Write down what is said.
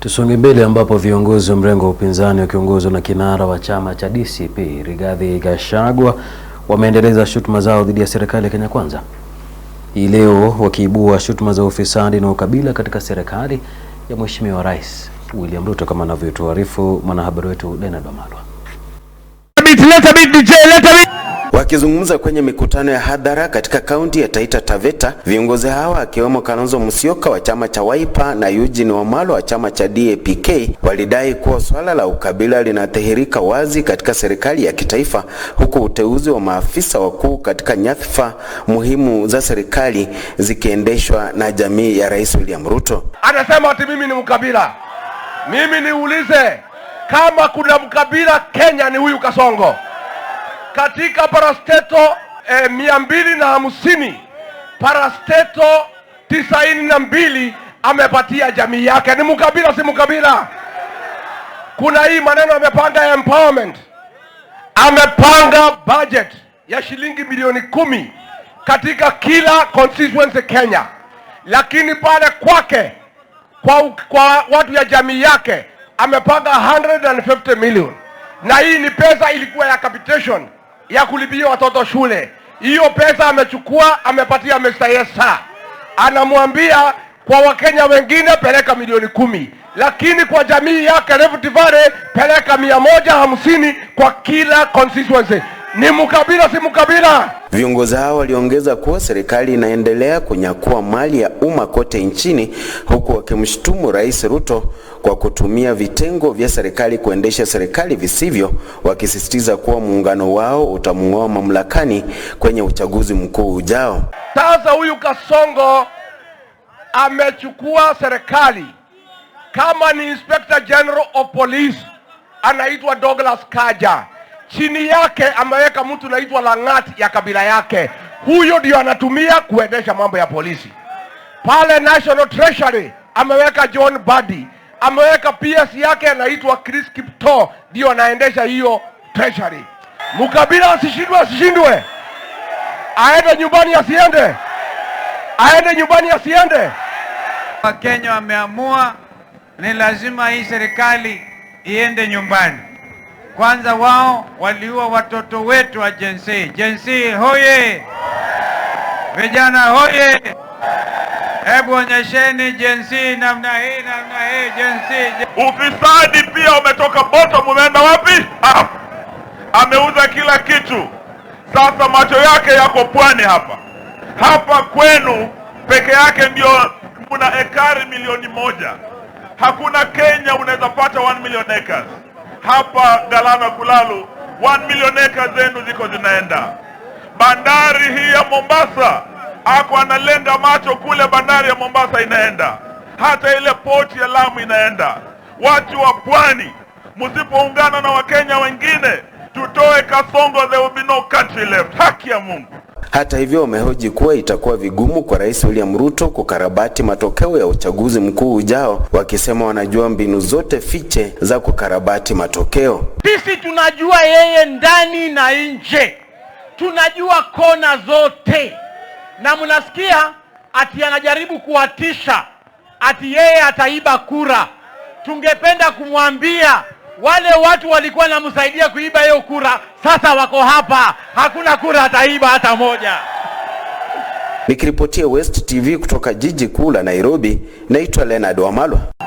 Tusonge mbele ambapo viongozi wa mrengo wa upinzani wakiongozwa na kinara wa chama cha DCP Rigathi Gachagua wameendeleza shutuma zao dhidi ya serikali ya Kenya Kwanza hii leo wakiibua shutuma za ufisadi na ukabila katika serikali ya Mheshimiwa Rais William Ruto, kama anavyotuarifu mwanahabari wetu Leonard Wamalwa. Wakizungumza kwenye mikutano ya hadhara katika kaunti ya Taita Taveta, viongozi hawa akiwemo Kalonzo Musyoka wa chama cha Wiper na Eugene Wamalwa wa chama cha DAPK walidai kuwa swala la ukabila linadhihirika wazi katika serikali ya kitaifa, huku uteuzi wa maafisa wakuu katika nyadhifa muhimu za serikali zikiendeshwa na jamii ya Rais William Ruto. Anasema ati mimi ni mkabila. Mimi niulize kama kuna mkabila Kenya ni huyu Kasongo katika parasteto eh, mia mbili na hamsini parasteto tisaini na mbili amepatia jamii yake. Ni mkabila si mkabila? Kuna hii maneno amepanga ya empowerment, amepanga budget ya shilingi milioni kumi katika kila constituency Kenya, lakini pale kwake kwa, kwa watu ya jamii yake amepanga 150 million, na hii ni pesa ilikuwa ya capitation ya kulipia watoto shule. Hiyo pesa amechukua amepatia Mr. Yesa, anamwambia kwa wakenya wengine peleka milioni kumi, lakini kwa jamii yake Rift Valley peleka mia moja hamsini kwa kila constituency. Ni mkabila si mkabila? Viongozi hao waliongeza kuwa serikali inaendelea kunyakua mali ya umma kote nchini huku wakimshutumu Rais Ruto kwa kutumia vitengo vya serikali kuendesha serikali visivyo, wakisisitiza kuwa muungano wao utamng'oa mamlakani kwenye uchaguzi mkuu ujao. Sasa huyu Kasongo amechukua serikali kama ni Inspector General of Police, anaitwa Douglas Kaja chini yake ameweka mtu naitwa Lang'at ya kabila yake. Huyo ndio anatumia kuendesha mambo ya polisi pale. National Treasury ameweka John Badi, ameweka PS yake anaitwa Chris Kipto, ndio anaendesha hiyo Treasury. Mkabila asishindwe, asishindwe, aende nyumbani, asiende, aende nyumbani, asiende. Wakenya wameamua, ni lazima hii serikali iende nyumbani. Kwanza wao waliua watoto wetu wa jensi jensi, hoye! Vijana hoye! Hebu onyesheni jensi namna hii, namna hii jensi. Ufisadi pia umetoka bottom, umeenda wapi? Ah! Ameuza kila kitu, sasa macho yake yako pwani hapa hapa kwenu peke yake ndio kuna ekari milioni moja. Hakuna Kenya unaweza pata 1 million acres hapa Galana Kulalu, 1 million acres zenu ziko zinaenda. Bandari hii ya Mombasa, ako analenda macho kule, bandari ya Mombasa inaenda, hata ile poti ya Lamu inaenda. Watu wa pwani, msipoungana na Wakenya wengine tutoe Kasongo, there will be no country left. Haki ya Mungu. Hata hivyo, wamehoji kuwa itakuwa vigumu kwa Rais William Ruto kukarabati matokeo ya uchaguzi mkuu ujao, wakisema wanajua mbinu zote fiche za kukarabati matokeo. Sisi tunajua yeye ndani na nje, tunajua kona zote, na mnasikia ati anajaribu kuwatisha ati yeye ataiba kura. Tungependa kumwambia wale watu walikuwa namsaidia kuiba hiyo kura, sasa wako hapa, hakuna kura ataiba hata moja. Nikiripotia West TV kutoka jiji kuu la Nairobi, naitwa Leonard Wamalwa.